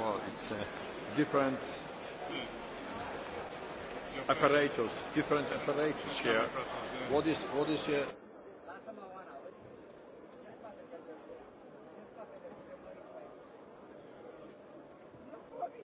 Oh, it's uh, different apparatus, different apparatus here. What is, what is here?